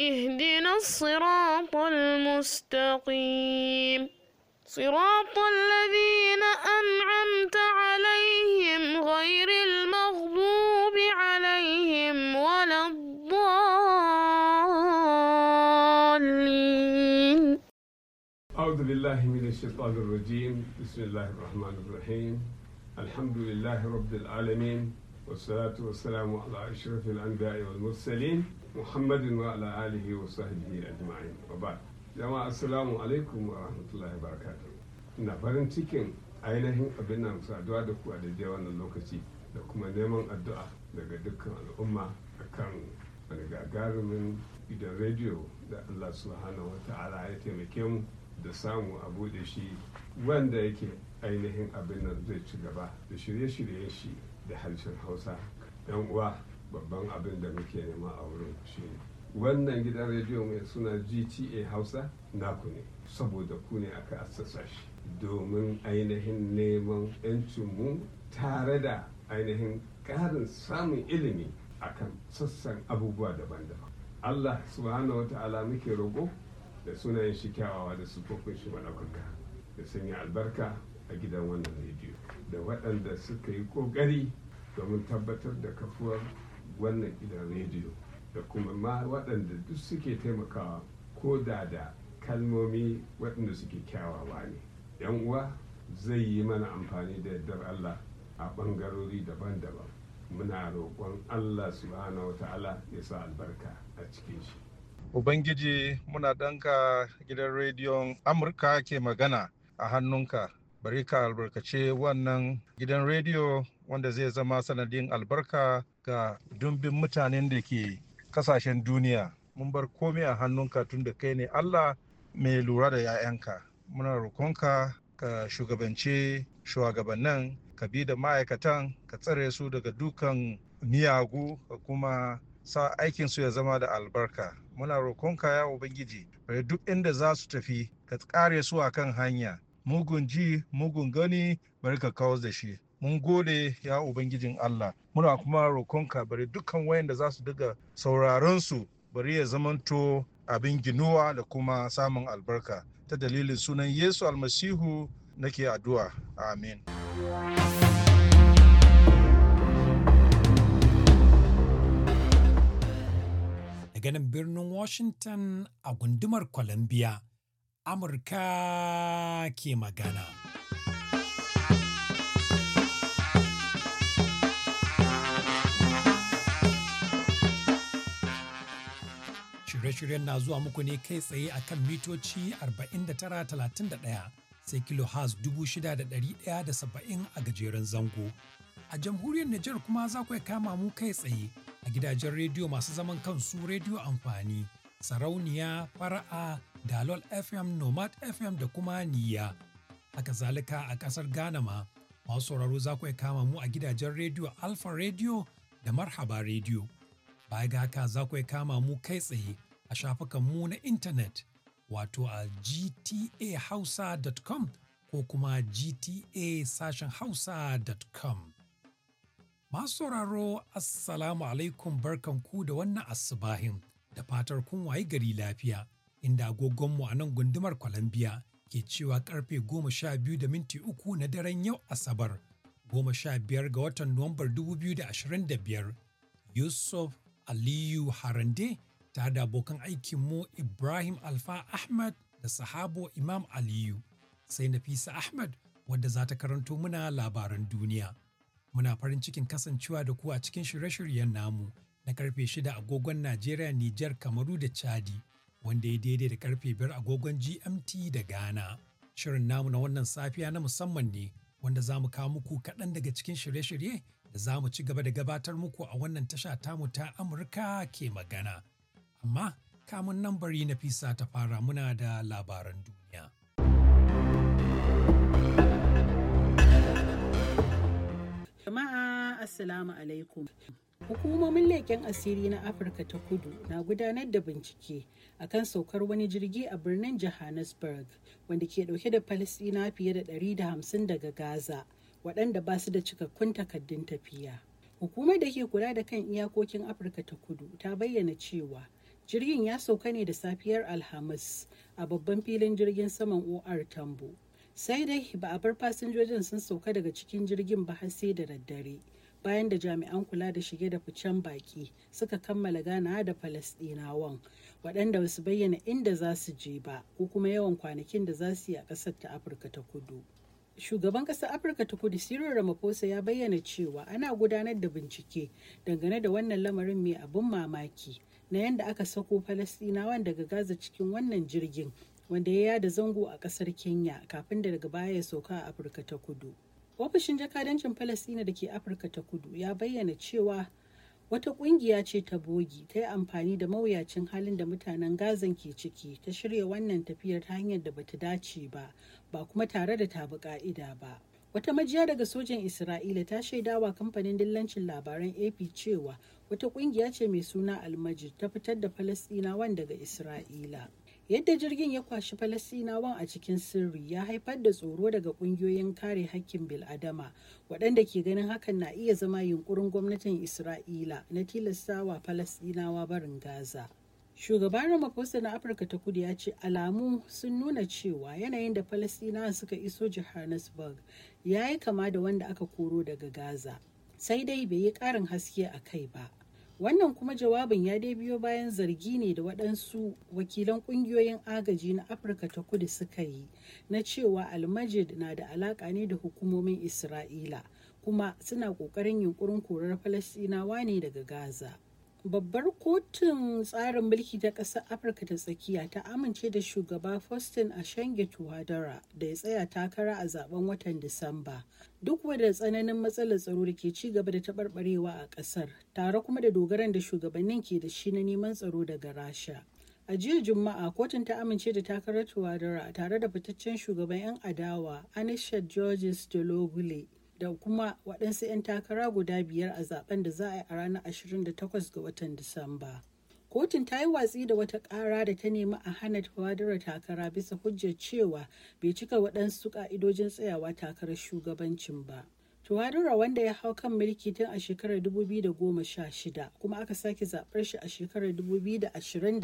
اهدنا الصراط المستقيم صراط الذين أنعمت عليهم غير المغضوب عليهم ولا الضالين أعوذ بالله من الشيطان الرجيم بسم الله الرحمن الرحيم الحمد لله رب العالمين والصلاة والسلام على أشرف الأنبياء والمرسلين محمد وعلى آله وصحبه أجمعين وبعد jama'a assalamu alaikum wa rahmatullahi barakatuh ina farin cikin ainihin abin nan saduwa da ku a daidai wannan lokaci da kuma neman addu'a daga dukkan al'umma akan wani gagarumin gidan rediyo da Allah subhanahu wa ta'ala ya taimake mu da samu a bude shi wanda yake ainihin abin nan zai ci gaba da shirye-shiryen shi da harshen hausa yan uwa babban abin da muke nema a wurin shi wannan gidan rediyo mai suna gta hausa naku ne saboda ku ne aka assasa shi domin ainihin neman 'yancin mu. tare da ainihin ƙarin samun ilimi akan sassan abubuwa daban-daban allah subhanahu wa ta'ala muke roƙo da sunayen shi kyawawa da sufofin shi madaukaka da sanya albarka a gidan wannan rediyo da waɗanda suka yi ƙoƙari domin tabbatar da kafuwar wannan gidan rediyo da kuma ma waɗanda duk suke taimakawa ko da da kalmomi waɗanda suke kyawawa ne yan uwa zai yi mana amfani da yardar allah a ɓangarori daban-daban muna roƙon allah subhanahu wata ta'ala ya sa albarka a cikin shi ubangiji muna ɗanka gidan rediyon amurka ke magana a hannunka bari ka albarkace wannan gidan rediyo wanda zai zama sanadin albarka ga dumbin mutanen da ke kasashen duniya mun bar komai a hannunka tun da kai ne allah mai lura da 'ya'yanka muna rokonka ka shugabance shugabannin ka bi da ma'aikatan ka tsare su daga dukan miyagu ka kuma sa aikinsu ya zama da albarka muna rokonka ya ubangiji bari duk inda za su tafi ka kare su a kan hanya mugun ji mugun gani bari ka kawo da shi mun gode ya ubangijin Allah muna kuma rokonka bari dukkan wayanda za su daga sauraron su bari ya zamanto abin ginuwa da kuma samun albarka ta dalilin sunan Yesu almasihu nake addu'a amin daga nan birnin Washington a gundumar Columbia Amurka ke magana. Shirye-shiryen na zuwa muku ne kai tsaye a kan mitoci 49-31 sai kilo has 6,170 a gajeren zango. A jamhuriyar Nijar kuma za ku kama mu kai tsaye a gidajen rediyo masu zaman kansu rediyo amfani. sarauniya fara'a dalol fm nomad fm da kuma Niya haka zalika a kasar ghana ma masu sauraro za ku kama mu a gidajen rediyo alpha radio da marhaba radio baya ga haka za ku kama mu kai tsaye a shafukan mu na intanet wato a gtahausa.com ko kuma gta sashen hausa.com masu sauraro assalamu alaikum barkanku da wannan asubahin. da fatar kun wayi gari lafiya inda agogonmu a nan gundumar kwalambiya ke cewa karfe goma sha biyu da minti uku na daren yau Asabar goma sha biyar ga watan Nuwambar dubu biyu da ashirin da biyar Yusuf Aliyu Harande ta da abokan aikinmu Ibrahim Alfa Ahmad da sahabo Imam Aliyu sai Nafisa Ahmad wadda za ta karanto muna labaran duniya. Muna farin cikin kasancewa da ku a cikin shirye-shiryen namu. na karfe 6 agogon Najeriya, Nijar, Kamaru da Chadi, wanda ya daidai da karfe 5 agogon GMT da Ghana. Shirin namu na wannan safiya na musamman ne, wanda za mu kawo muku kaɗan daga cikin shirye-shirye da za mu ci gaba da gabatar muku a wannan tasha tamu ta Amurka ke magana. Amma, kamun nan bari na fisa ta fara muna da labaran duniya. Jama'a Assalamu alaikum. Hukumomin leƙen asiri na Afirka ta kudu na gudanar da bincike a kan saukar wani jirgi a birnin Johannesburg wanda ke dauke da palestina fiye da 150 daga Gaza waɗanda ba su da cikakkun takaddun tafiya. Hukumar da ke kula da kan iyakokin Afirka ta kudu ta bayyana cewa jirgin ya sauka ne da safiyar Alhamis a babban filin jirgin saman OR Tambo. Sai dai ba a bar fasinjojin sun sauka daga cikin jirgin ba har sai da daddare. bayan da jami'an kula da shige da ficen baki suka kammala gana da falasdinawan waɗanda ba su bayyana inda za su je ba ko kuma yawan kwanakin da za su yi a ƙasar ta afirka ta kudu shugaban ƙasar afirka ta kudu cyril ramaphosa ya bayyana cewa ana gudanar da bincike dangane da wannan lamarin mai abin mamaki na yadda aka sako falasdinawan daga gaza cikin wannan jirgin wanda ya yada zango a ƙasar kenya kafin da daga baya ya sauka a afirka ta kudu ofishin jakadancin falasɗina da ke afirka ta kudu ya bayyana cewa wata kungiya ce ta bogi ta yi amfani da mawuyacin halin da mutanen gazan ke ciki ta shirya wannan tafiyar ta hanyar da bata dace ba ba kuma tare da tabi ka'ida ba wata majiya daga sojan isra'ila ta shaidawa kamfanin dillancin labaran ap cewa wata kungiya ce mai suna almajir ta fitar da wanda daga isra'ila Yadda jirgin ya kwashi Falasinawan a cikin sirri ya haifar da tsoro daga ƙungiyoyin kare hakkin bil'adama waɗanda ke ganin hakan na iya zama yunkurin gwamnatin Isra'ila na tilastawa Falasinawa barin Gaza. Shugaban Ramaphosa na Afirka ta Kudu ya ce alamu sun nuna cewa yanayin da Falasinawa suka iso Johannesburg ya yi kama da wanda aka koro daga Gaza. Sai dai bai yi ƙarin haske a kai ba. wannan kuma jawabin ya dai biyo bayan zargi ne da waɗansu wakilan ƙungiyoyin agaji na afirka ta kudu suka yi na cewa almajid na da alaƙa ne da hukumomin isra'ila kuma suna ƙoƙarin yunkurin korar falastinawa ne daga gaza babbar kotun tsarin mulki ta ƙasar afirka ta tsakiya ta amince da shugaba faustin Ashange tuhadara da ya tsaya takara a zaben watan disamba duk wadda tsananin matsalar tsaro da ke ci gaba da taɓarɓarewa a ƙasar tare kuma da dogaran da shugabannin ke da shi na neman tsaro daga rasha a jiya juma'a kotun ta amince da takarar tuwadara tare da fitaccen shugaban 'yan adawa anisha georges logule da kuma waɗansu 'yan takara guda biyar a zaben da za a yi a ranar 28 ga watan disamba kotun ta yi watsi da wata ƙara da ta nemi a hana tawadar takara bisa hujjar cewa bai cika waɗansu ƙa'idojin tsayawa takarar shugabancin ba tawadarwa wanda ya hau kan mulki tun a shekarar 2016 kuma aka sake zaɓar shi a shekarar 2021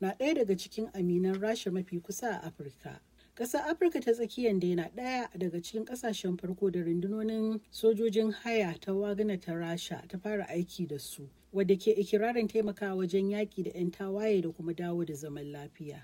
na ɗaya daga cikin aminan rasha mafi kusa a afirka ƙasar afirka ta tsakiyar da yana ɗaya daga cikin ƙasashen farko da rundunonin sojojin haya ta wagana ta rasha ta fara aiki da su wadda ke ikirarin taimakawa wajen yaƙi da 'yan tawaye da kuma dawo da zaman lafiya.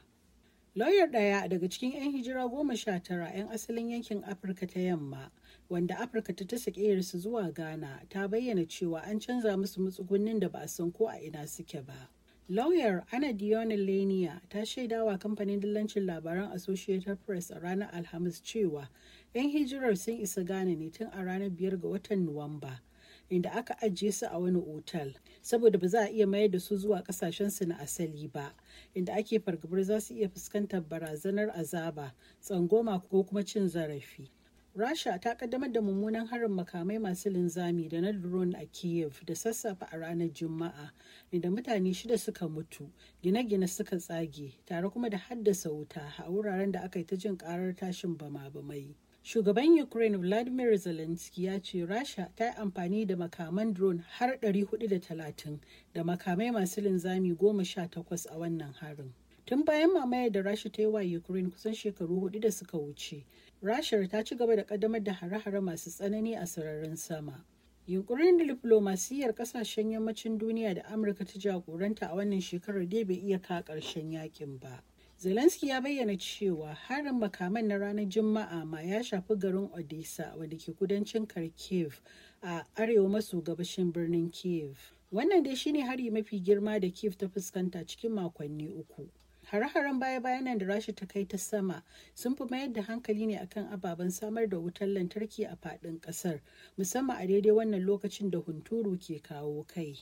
Lauyar ɗaya daga cikin 'yan hijira goma sha tara 'yan asalin yankin Afirka ta yamma, wanda Afirka ta tasa su zuwa Ghana, ta bayyana cewa an canza musu matsugunnin da ba a san ko a ina suke ba. Lauyar Ana Dion Lenia ta shaidawa kamfanin dillancin labaran Associated Press a ranar Alhamis cewa 'yan hijirar sun isa Ghana ne tun a ranar biyar ga watan Nuwamba. inda aka ajiye su a wani otal saboda ba za a iya mayar da su zuwa kasashensu na asali ba inda ake fargabar za su iya fuskantar barazanar azaba tsangoma ko kuma cin zarafi rasha ta kaddamar da mummunan harin makamai masu linzami da na drone a kiev da sassafe a ranar juma'a inda mutane shida suka mutu gine-gine suka tsage tare kuma da haddasa wuta a wuraren da aka yi ta jin karar tashin bama-bamai Shugaban Ukraine Vladimir Zelensky ya ce Rasha ta yi amfani da makaman drone har 430 da makamai masu linzami 18 a wannan harin. Tun bayan mamayar da Rasha ta yi wa Ukraine kusan shekaru hudu da suka wuce, rasha ta ci gaba da ƙaddamar da hare-hare masu tsanani a sararin sama. yunkurin diflomasiyyar kasashen yammacin duniya da amurka ta jagoranta a wannan shekarar dai bai iya ka ƙarshen yakin ba Zelensky ya bayyana cewa harin makaman na ranar Juma'a ma ya shafi garin Odessa wadda ke kudancin Kharkiv a arewa maso gabashin birnin Kiev. Wannan dai shine hari mafi girma da Kiev ta fuskanta cikin makonni uku. Hare-haren baya-bayan nan da Rasha ta kai ta sama sun fi mayar da hankali ne akan ababen samar da wutar lantarki a faɗin ƙasar, musamman a daidai wannan lokacin da hunturu ke kawo kai.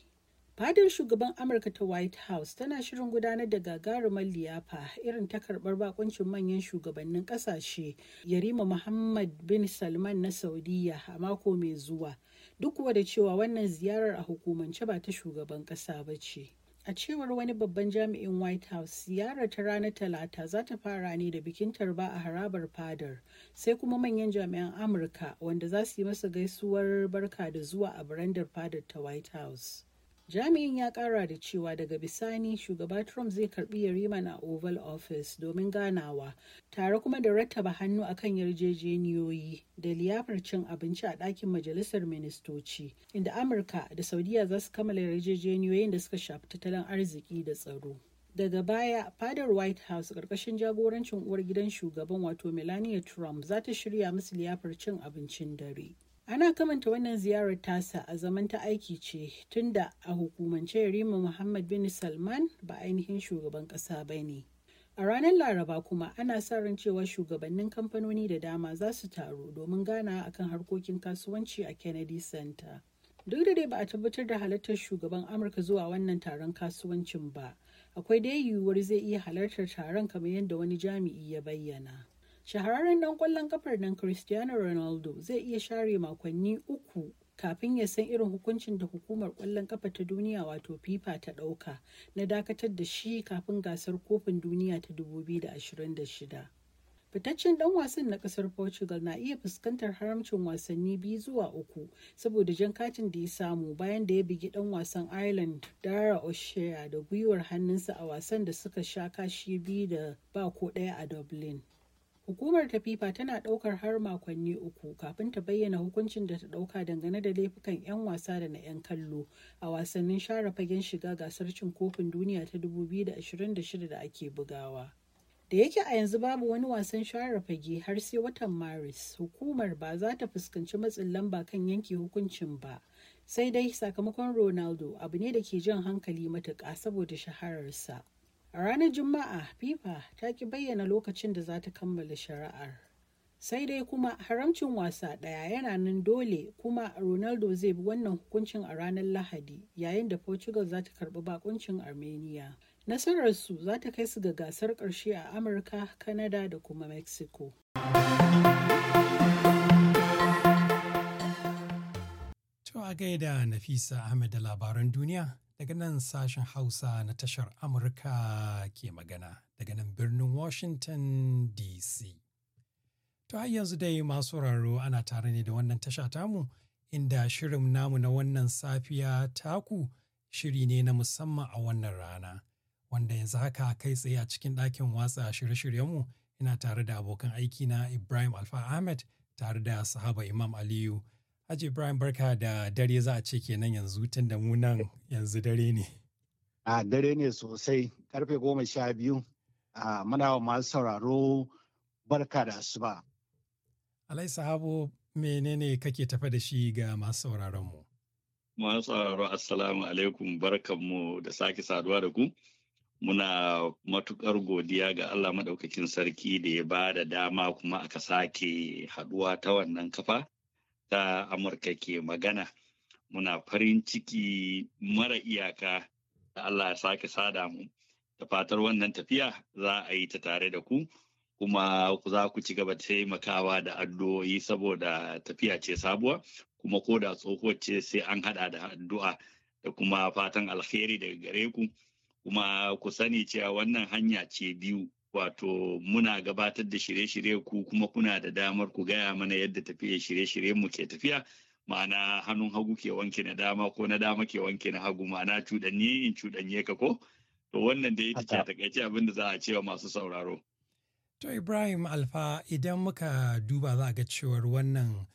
fadar shugaban amurka ta white house tana shirin gudanar da gagarumar liyafa irin ta karbar bakuncin manyan shugabannin kasashe yarima muhammad bin salman na saudiya a mako mai zuwa duk kuwa da cewa wannan ziyarar a hukumance ba ta shugaban kasa ba ce a cewar wani babban jami'in white house ziyarar ta ranar talata za ta fara ne da bikin tarba a harabar fadar sai kuma manyan jami'an amurka wanda za su yi masa gaisuwar barka da zuwa a barandar fadar ta white house jami'in ya kara da cewa daga bisani shugaba trump zai karbi yarima na oval office domin ganawa tare kuma da rattaba hannu a kan yarjejeniyoyi da liyafar cin abinci a ɗakin majalisar ministoci inda amurka da saudiya za su kammala yarjejeniyoyin da suka shafi tattalin arziki da tsaro daga baya fadar white house karkashin jagorancin uwar gidan shugaban wato melania trump za ta shirya musu liyafar cin abincin dare ana kamanta wannan ziyarar tasa a zaman ta aiki ce tunda a hukumance yarima muhammad bin salman ba ainihin shugaban ƙasa ba ne a ranar laraba kuma ana sa ran cewa shugabannin kamfanoni da dama za su taru domin gana akan harkokin kasuwanci a kennedy center duk da dai ba a tabbatar da halartar shugaban amurka zuwa wannan taron kasuwancin ba akwai dai yiwuwar zai iya halartar taron kamar yadda wani jami'i ya bayyana shahararren dan kwallon kafar nan cristiano ronaldo zai iya share makonni uku kafin ya san irin hukuncin da hukumar kwallon kafa ta duniya wato fifa ta ɗauka na dakatar da shi kafin gasar kofin duniya ta 2026 fitaccen dan wasan na kasar portugal na iya fuskantar haramcin wasanni biyu zuwa uku saboda jan katin da ya samu bayan da ya bigi dan wasan ireland dara o'shea da gwiwar hannunsa a wasan da suka sha kashi biyu da ba ko daya a dublin Hukumar ta FIFA tana ɗaukar har makonni uku kafin ta bayyana hukuncin da ta ɗauka dangane da laifukan 'yan wasa da na 'yan kallo a wasannin share fagen shiga gasar cin kofin duniya ta 2026 da ake bugawa. Da yake a yanzu babu wani wasan share fage har sai watan Maris, hukumar ba za ta fuskanci matsin lamba kan yanke hukuncin ba. Sai dai sakamakon Ronaldo abu ne da ke jan hankali matuƙa saboda shahararsa. A ranar Juma'a, FIFA ta ki bayyana lokacin da za ta kammala shari'ar. Sai dai kuma haramcin wasa ɗaya yana nan dole kuma Ronaldo zai bi wannan hukuncin a ranar Lahadi yayin da Portugal za ta karɓi bakuncin Armenia. Nasararsu za ta kai su ga gasar ƙarshe a Amurka, Kanada, da kuma Mexico. To a gaida Nafisa Ahmed da labaran duniya. daga nan sashen Hausa na tashar Amurka ke magana daga nan birnin Washington DC. To har yanzu dai masu raro ana tare ne da wannan tasha tamu inda shirin namu na wannan safiya taku shiri ne na musamman a wannan rana. Wanda yanzu haka kai tsaye a cikin ɗakin watsa shirye-shiryenmu ina tare da abokan aiki na Ibrahim Alfa Ahmed tare da sahaba Imam Aliyu. Haji Ibrahim barka da dare za a ce kenan yanzu tun da mu nan yanzu dare ne. A dare ne sosai karfe goma sha biyu a muna wa masu sauraro barka da su ba. Alai sahabo menene kake tafa da shi ga masu sauraron mu? Masu sauraro assalamu alaikum barkanmu da sake saduwa da ku. Muna matukar godiya ga Allah maɗaukakin sarki da ya ba da dama kuma aka sake haɗuwa ta wannan kafa. ta Amurka ke magana. Muna farin ciki mara iyaka da Allah ya sake sada mu. Da fatar wannan tafiya za a yi ta tare da ku, kuma za ku ci gaba taimakawa da addu'o'i saboda tafiya ce sabuwa, kuma ko da tsohuwar ce sai an haɗa da addu'a da kuma fatan alheri daga gare ku. Kuma ku sani cewa wannan hanya ce biyu wato muna gabatar da shirye-shirye ku kuma kuna da damar ku gaya mana yadda tafiya shirye-shirye mu ke tafiya ma'ana hannun hagu ke wanke na dama ko na dama ke wanke na hagu ma'ana cuɗanye in cuɗanye ka ko to wannan da ita ce takaice abin da za a cewa masu sauraro. To Ibrahim Alfa idan muka duba za a ga cewar wannan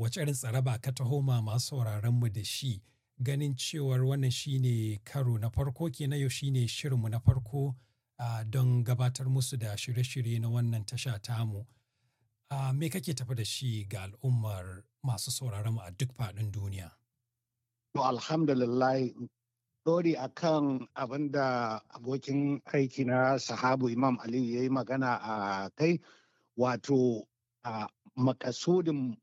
wace irin tsaraba ka taho ma masu sauraron mu da shi ganin cewar wannan shine karo na farko kenan yau shine shirinmu na farko uh, don gabatar musu da shirye-shirye na wannan tasha tamu. Uh, me kake tafi da shi ga al'ummar masu sauraron a duk faɗin duniya? To alhamdulillah dori a kan abin da abokin aiki na sahabu Imam Aliyu ya yi magana a kai wato a makasudin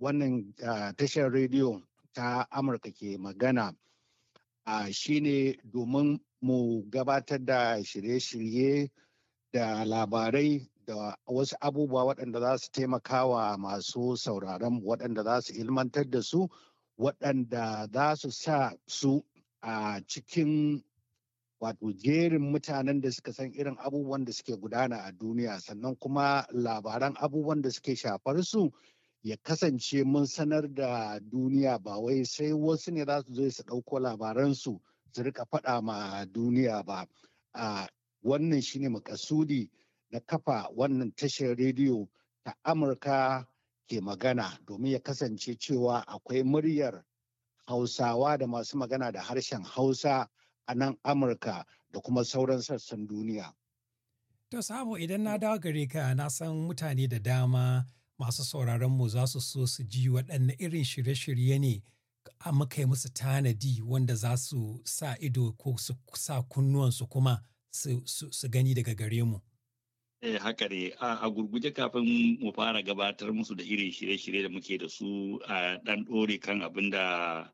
wannan tashar rediyo ta Amurka ke magana shine domin mu gabatar da shirye-shirye da labarai da wasu abubuwa waɗanda za su taimaka wa masu sauraron waɗanda za su ilmantar da su waɗanda za su sa su a cikin wato jerin mutanen da suka san irin abubuwan da suke gudana a duniya sannan kuma labaran abubuwan da suke shafar su ya kasance mun sanar da duniya ba wai sai wasu ne za su zo su ɗauko labaransu su rika faɗa ma duniya ba a wannan shine makasudi na kafa wannan tashar rediyo ta amurka ke magana domin ya kasance cewa akwai muryar hausawa da masu magana da harshen hausa a nan amurka da kuma sauran sassan duniya to sabo idan na mm. dawo gare ka na san mutane da dama masu sauraron mu za su so su ji waɗanne irin shirye-shirye ne muka yi musu tanadi wanda za su sa ido ko su sa kunnuwansu kuma su gani daga gare mu. Eh, haka ne a gurguje kafin mu fara gabatar musu da irin shirye-shirye da muke da su a ɗan ɗore kan abin da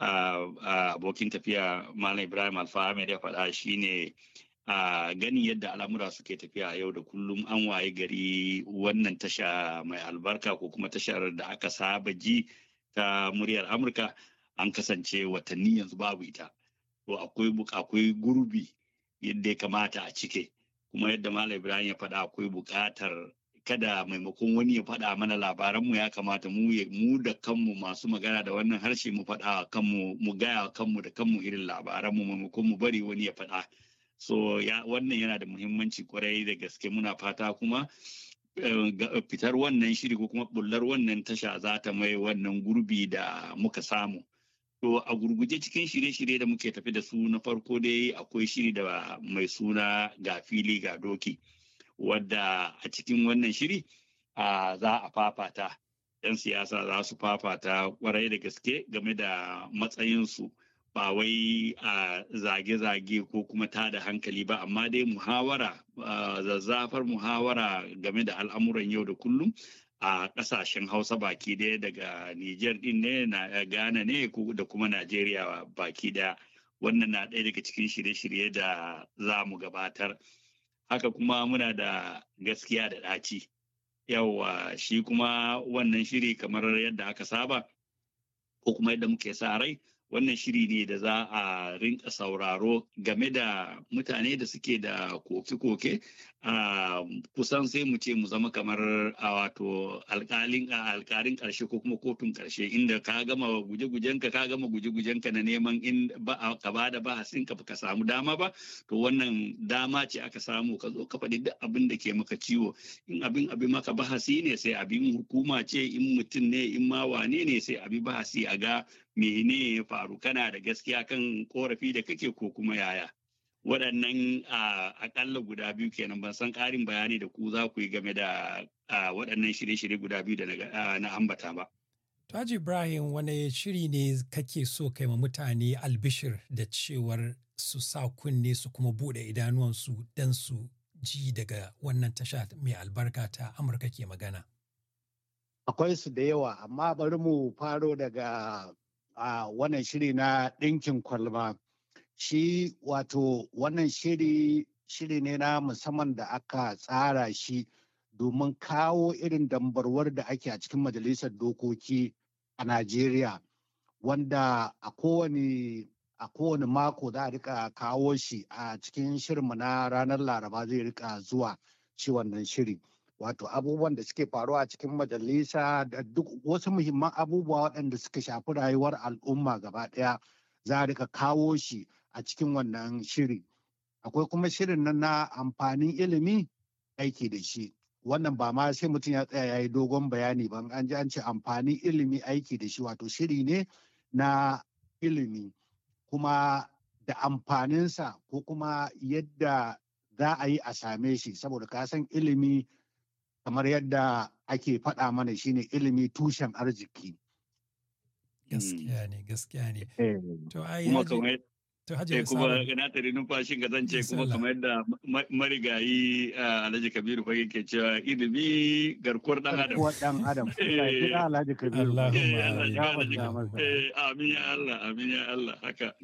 abokin tafiya Malam Ibrahim Alfa ya faɗa shine a ganin yadda al'amura suke tafiya a yau da kullum an waye gari wannan tasha mai albarka ko kuma tashar da aka saba ji ta muryar amurka an kasance watanni yanzu babu ita to akwai akwai gurbi yadda ya kamata a cike kuma yadda mala ibrahim ya faɗa akwai buƙatar kada maimakon wani ya faɗa mana labaranmu ya kamata mu mu da kanmu masu magana da wannan harshe mu faɗa kanmu mu gaya kanmu da kanmu irin labaranmu maimakon mu bari wani ya faɗa so wannan yana da muhimmanci kwarai da gaske muna fata kuma Eh, fitar wannan shiri ko kuma bullar wannan tasha za ta mai wannan gurbi da muka samu. To a gurguje cikin shirye-shirye da muke tafi da su na farko dai akwai shiri da mai suna ga fili ga doki wadda a cikin wannan shiri za a fafata. 'Yan siyasa za su fafata kwarai da gaske game da matsayinsu. ba wai a zage-zage ko kuma ta da hankali ba amma dai muhawara zazzafar muhawara game da al'amuran yau da kullum a ƙasashen hausa baki daya daga niger din ne na ghana ne da kuma najeriya baki daya wannan na ɗaya daga cikin shirye-shirye da za mu gabatar haka kuma muna da gaskiya da ɗaci yawa shi kuma wannan shiri kamar yadda aka saba ko kuma yadda muke sa rai wannan shiri ne da za a rinka sauraro game da mutane da suke da koke-koke a kusan sai mu ce mu zama kamar a wato alkalin alkarin karshe ko kuma kotun karshe inda ka gama guje-gujenka ka gama guje-gujenka na neman in ba ka ba da bahasin ka ka samu dama ba to wannan dama ce aka samu ka zo ka faɗi duk abin da ke maka ciwo in abin abi maka bahasi ne sai abin hukuma ce in mutum ne in ma wane ne sai abi bahasi a ga mene ya faru kana da gaskiya kan korafi da kake ko kuma yaya waɗannan akalla guda biyu kenan ban san ƙarin bayani da ku za ku yi game da waɗannan shirye-shirye guda biyu da na ambata ba. Taji Ibrahim wani shiri ne kake so kai ma mutane albishir da cewar su sa kunne su kuma buɗe idanuwansu don su ji daga wannan tasha mai albarka ta Amurka ke magana. Akwai su da yawa amma bari mu faro daga a wannan shiri na ɗinkin kwalma. Shi wato wannan shiri shiri ne na musamman da aka tsara shi domin kawo irin dambarwar da ake a cikin majalisar dokoki a Najeriya wanda a kowane a kowane mako za a rika kawo shi a cikin shirinmu na ranar laraba zai rika zuwa ci wannan shiri. wato abubuwan da suke faruwa cikin majalisa da duk wasu muhimman abubuwa waɗanda suka shafi rayuwar al'umma gaba ɗaya za a rika kawo shi a cikin wannan shiri akwai kuma shirin nan na amfanin ilimi aiki da shi wannan ba ma sai mutum ya tsaya ya yi dogon bayani ba an ji an ce amfanin ilimi aiki da shi wato shiri ne na ilimi kuma da amfaninsa ko kuma yadda za a yi a same shi saboda ka san ilimi kamar yadda ake faɗa mana shine ilimi tushen arziki gaskiya hmm. ne gaskiya ne eh. kuma kamar sai eh, kuma na tare numfashin ga zance kuma kamar yadda marigayi ah, alhaji kabiru fage ke cewa ilimi garkuwar dan adam garkuwar dan adam eh. alhaji kabiru eh, amin ya allah amin ya allah haka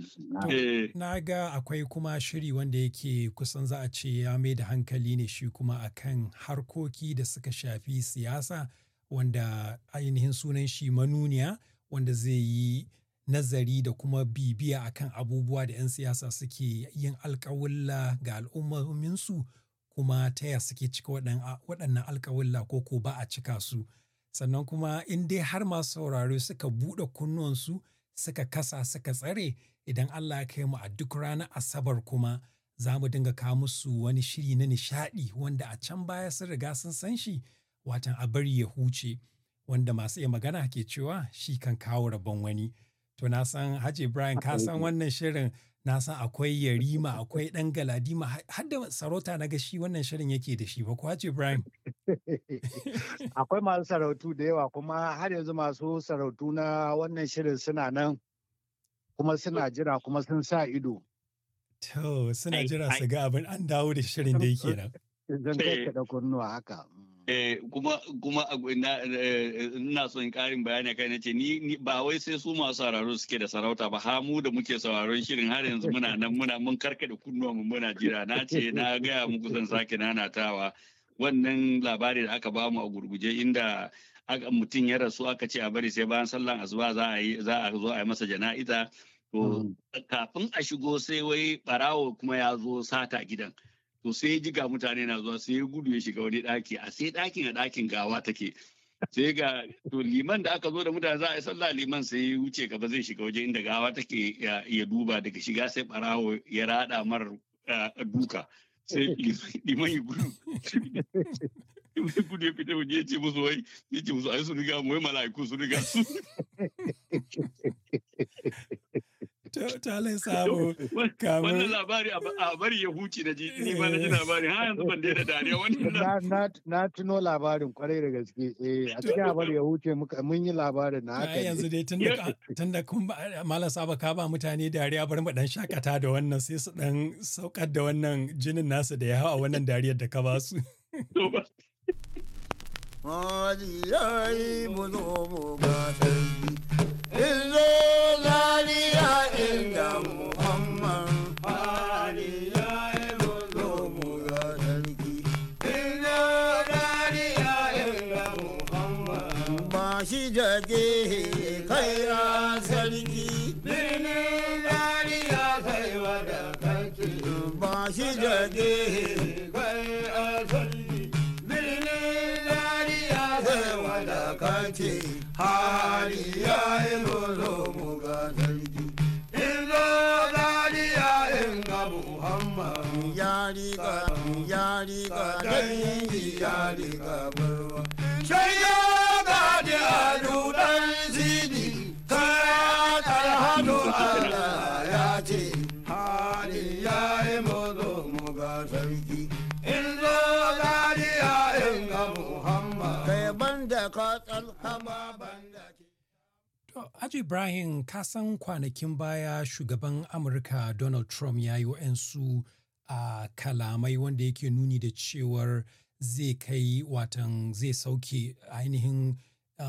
na ga akwai kuma shiri wanda yake kusan za a ce ya mai da hankali ne shi kuma akan harkoki da suka shafi siyasa wanda ainihin sunan shi manuniya wanda zai yi nazari da kuma bibiya akan abubuwa da 'yan siyasa suke yin alkawulla ga al'ummominsu kuma taya suke cika waɗannan alkawulla ko ko ba a cika su sannan kuma in dai har masu sauraro suka buɗe kunnuwansu suka kasa suka tsare idan Allah ya kai mu a duk ranar asabar kuma za mu dinga kawo musu wani shiri na nishaɗi wanda a can baya sun riga sun san shi watan a bari ya huce wanda masu iya magana ke cewa shi kan kawo rabon wani To na san Haji Ibrahim ka san wannan shirin na san akwai yarima akwai ɗan galadima har da sarauta na ga shi wannan shirin yake da shi ba ko Haji Ibrahim. Akwai masu sarautu da yawa kuma har yanzu masu sarautu na wannan shirin suna nan kuma suna jira kuma sun sa ido. To suna jira su ga abin an dawo da shirin da yake nan. Zan kai da kunnuwa haka. Mm. Eh, kuma kuma eh, ina son karin bayani kai nace ce ni ba wai sai su masu sauraro suke da sarauta ba har mu da muke sauraron shirin har yanzu muna nan muna mun karkada kunnuwanmu muna jira na ce na gaya muku zan sake nanatawa wannan labari da aka bamu a gurguje inda mutum ya rasu aka ce a bari sai bayan sallan asuba za a yi za a zo a yi masa jana'iza to hmm. kafin a shigo sai wai barawo kuma ya zo sata gidan to sai ya ji ga mutane na zuwa sai ya gudu ya shiga wani ɗaki a sai ɗakin a ɗakin gawa take sai ga to liman da aka zo da mutane za a yi sallah liman sai ya wuce gaba zai shiga waje inda gawa take ya duba daga shiga sai barawo ya rada mar duka sai liman ya gudu liman gudu ya fita waje ya ce musu wai ya ce musu ai su riga mu wai mala'iku su riga su Talai sabo. Wannan labari a bari ya huce na ji ni ba na ji eh. labari har yanzu ban daina dariya wannan. Na tuno labarin kwarai da gaske eh a cikin abar ya huce muka mun yi labarin na haka. Yanzu dai tun da kun malam saba ka ba mutane dariya bar mu dan shakata da wannan sai su dan saukar da wannan jinin nasu da ya hawa wannan dariyar da ka ba su. Hadi yayi mu zo mu ga sai. Illo inda muhammad ali ya muhammad shi jage kai ya sarki birnin dari kai wa da kake ba shi kai a sarki birnin dari kai wa da ya yi ya riga dai yariga ya riga barwa sai ga gadi a dudan zidi ta alhadu ala ya ce hali ya yi mazo mu ga sarki in zo gadi a inga Muhammad kai banda ka tsalhama banda Aji Ibrahim, ka san kwanakin baya shugaban Amurka Donald Trump ya yi wa'yansu a kalamai wanda yake nuni da cewar zai kai watan zai sauke ainihin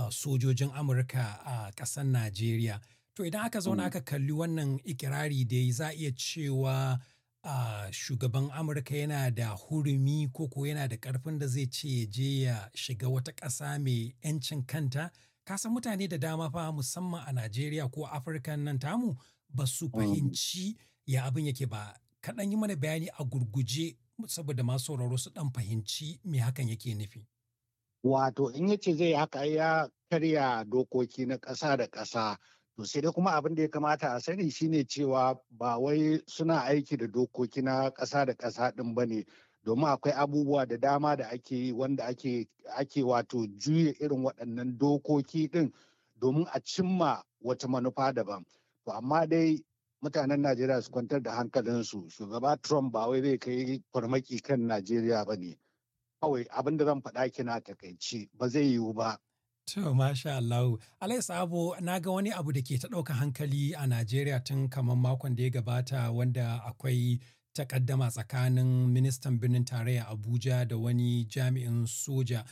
sojojin amurka a ƙasar najeriya to idan aka zauna hmm. aka kalli wannan ikirari dai za iya cewa shugaban amurka yana da hurumi ko ko yana da karfin da zai ce je ya shiga wata ƙasa mai 'yancin kanta kasan mutane da dama fa musamman a najeriya ko afirka nan tamu ba su hmm. fahimci ya abin yake ba kaɗan yi mana bayani a gurguje saboda masu sauraro su ɗan fahimci me hakan yake nufi. Wato in yace zai haka ya karya dokoki na ƙasa da ƙasa to sai dai kuma abin da ya kamata a sani shine cewa ba wai suna aiki da dokoki na ƙasa da ƙasa ɗin ba ne domin akwai abubuwa da dama da ake wanda ake, ake wato juya irin waɗannan dokoki ɗin domin a cimma wata manufa daban. To amma dai mutanen Najeriya su kwantar da hankalinsu shugaba Trump ba wai zai kai farmaki kan Najeriya ba ne. Kawai abin zan faɗa kina takaici ba zai yiwu ba. To, masha Allah. Alai Sabo, na ga wani abu da ke ta ɗauka hankali a Najeriya tun kamar makon da ya gabata wanda akwai takaddama tsakanin ministan birnin tarayya Abuja da wani jami'in soja.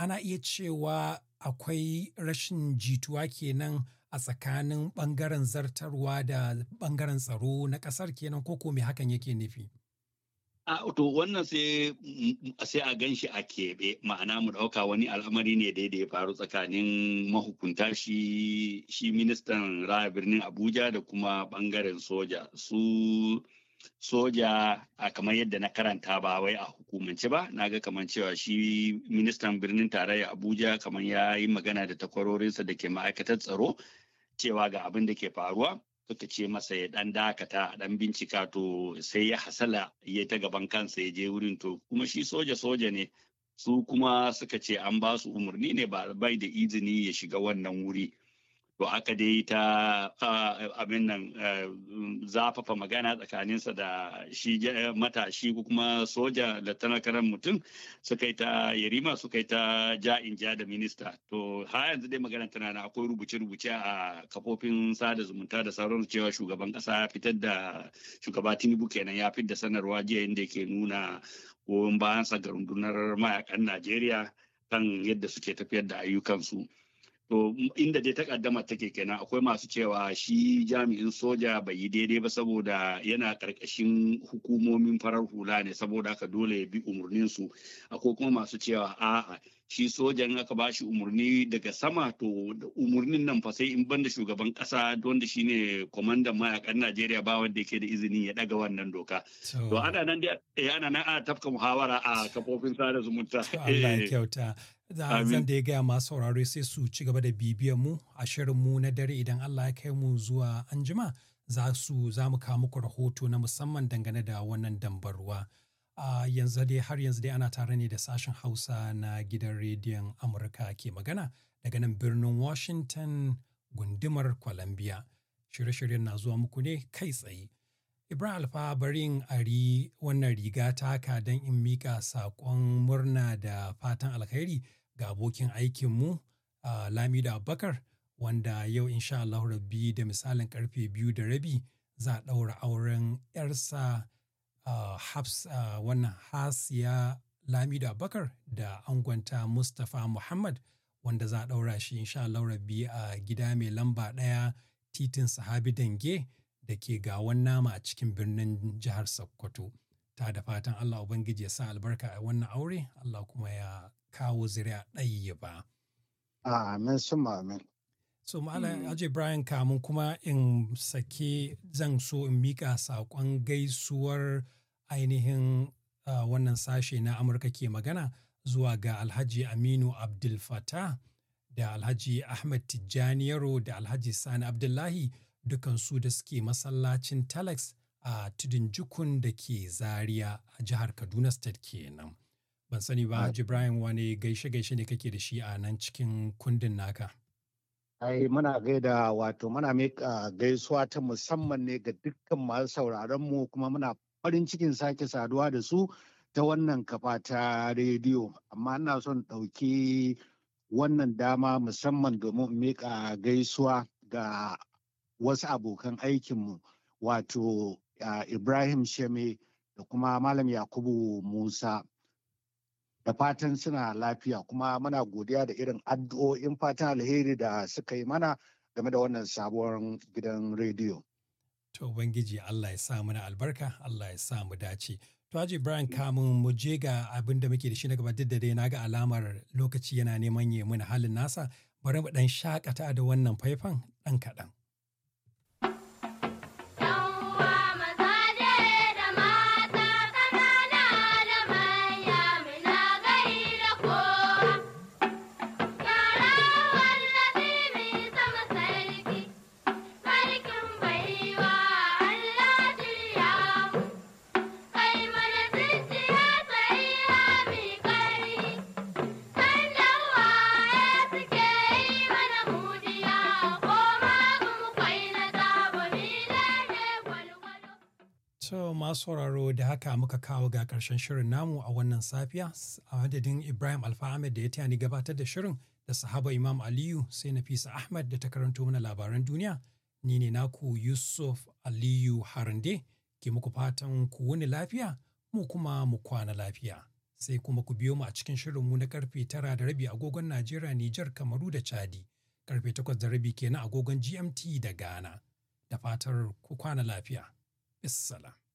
Ana iya cewa akwai rashin jituwa kenan a tsakanin ɓangaren zartarwa da ɓangaren tsaro na ƙasar kenan koko me hakan yake nufi? A to wannan mm, sai a gan shi a keɓe ma'ana mu ɗauka wani al'amari ne da ya faru tsakanin mahukunta shi ministan raya birnin Abuja da kuma ɓangaren soja su soja a kamar yadda na karanta ba wai a hukumance ba na ga kamar cewa shi ministan birnin tarayya abuja kamar ya yi magana da takwarorinsa da ke ma'aikatar tsaro cewa ga abin da ke faruwa suka ce masa ya dan dakata a dan bincika to sai ya hasala ya ta gaban kansa ya je wurin to kuma shi soja soja ne su kuma suka ce an ba su umarni ne ba bai da izini ya shiga wannan wuri to aka dai ta abin nan zafafa magana tsakaninsa da shi matashi ko kuma soja da tanakarar mutum suka yi ta yarima suka yi ta ja in ja da minista to ha yanzu dai magana tana na akwai rubuce-rubuce a kafofin sada zumunta da sauran cewa shugaban kasa ya fitar da shugaba tinubu kenan ya fitar da sanarwa jiya inda yake nuna goyon bayansa ga rundunar mayakan najeriya kan yadda suke tafiyar da ayyukansu To inda dai takaddama take kenan akwai masu cewa shi jami'in soja bai yi daidai ba saboda yana karkashin hukumomin farar hula ne saboda aka dole ya bi umarnin su akwai kuma masu cewa a'a shi sojan aka ba shi umarni daga sama to umarnin nan fa sai in banda shugaban kasa wanda shine kwamandan mayakan Najeriya ba wanda yake da izini ya daga wannan doka. To ana nan dai eh, ana nan a tafka muhawara a kafofin sada zumunta. Allah ya eh. kyauta. zan da ya gaya masu sauraro sai su ci gaba da bibiyar mu a shirin mu na dare idan Allah ya kai mu zuwa anjima za su za mu kawo muku rahoto na musamman dangane da wannan dambarwa. a yanzu dai har yanzu dai ana tare ne da sashen Hausa na gidan rediyon Amurka ke magana daga nan birnin Washington gundumar Columbia. Shirye-shiryen na zuwa muku ne kai tsaye Ibrahim Alfa bari ari wannan riga taka don in miƙa saƙon murna da fatan alkhairi ga abokin aikinmu uh, Lamido Abubakar wanda yau insha Allah rabbi da misalin karfe biyu da rabi za a ɗaura auren 'yarsa wannan Hasiya Lamido Abubakar da angwanta Mustapha Muhammad wanda za a ɗaura shi insha Allah rabbi a gida mai lamba ɗaya titin Sahabi Dange. da ke gawan nama a cikin birnin jihar Sokoto. Ta da fatan Allah Ubangiji ya sa albarka a wannan aure, Allah kuma ya kawo zuriya ɗaya ba. Amin, sun amin. So, Malam mm. Aje Brian kamun kuma in sake zan so in mika saƙon gaisuwar ainihin uh, wannan sashe na Amurka ke magana zuwa ga Alhaji Aminu Abdul da Alhaji Ahmad Tijjani da Alhaji Sani Abdullahi. dukansu da suke masallacin telex a tudun jukun da ke zaria a jihar kaduna state kenan ban sani ba jibrahim wani gaishe-gaishe ne kake da shi a nan cikin kundin naka ai muna gaida wato muna mika gaisuwa ta musamman ne ga dukkan masu sauraron kuma muna farin cikin sake saduwa da su ta wannan kafa ta rediyo amma ina son ɗauki wannan dama musamman domin mika gaisuwa ga wasu abokan aikinmu wato uh, Ibrahim Sheme da kuma Malam Yakubu Musa. Da fatan suna lafiya kuma muna godiya da irin addu'o'in fatan alheri da suka yi mana game da wannan sabuwar gidan rediyo. To Ubangiji Allah ya sa mana albarka, Allah ya sa mu dace. To Haji Brian mm. kamun mu je ga abin da muke da shi na gaba duk da dai na alamar lokaci yana neman ya mana halin nasa, bari mu ɗan shakata da wannan faifan ɗan kaɗan. sauraro da haka muka kawo ga ƙarshen shirin namu a wannan safiya a madadin Ibrahim Alfa Ahmed da ya taya ni gabatar da shirin da sahaba Imam Aliyu sai Nafisa Ahmad da ta karanto mana labaran duniya. Ni ne naku Yusuf Aliyu Harande ke muku fatan ku wuni lafiya mu kuma mu kwana lafiya. Sai kuma ku biyo mu a cikin shirin mu na karfe tara da rabi agogon Najeriya, Nijar, Kamaru da Chadi. Karfe takwas da rabi kenan agogon GMT da Ghana. Da fatar ku kwana lafiya. Bissalam.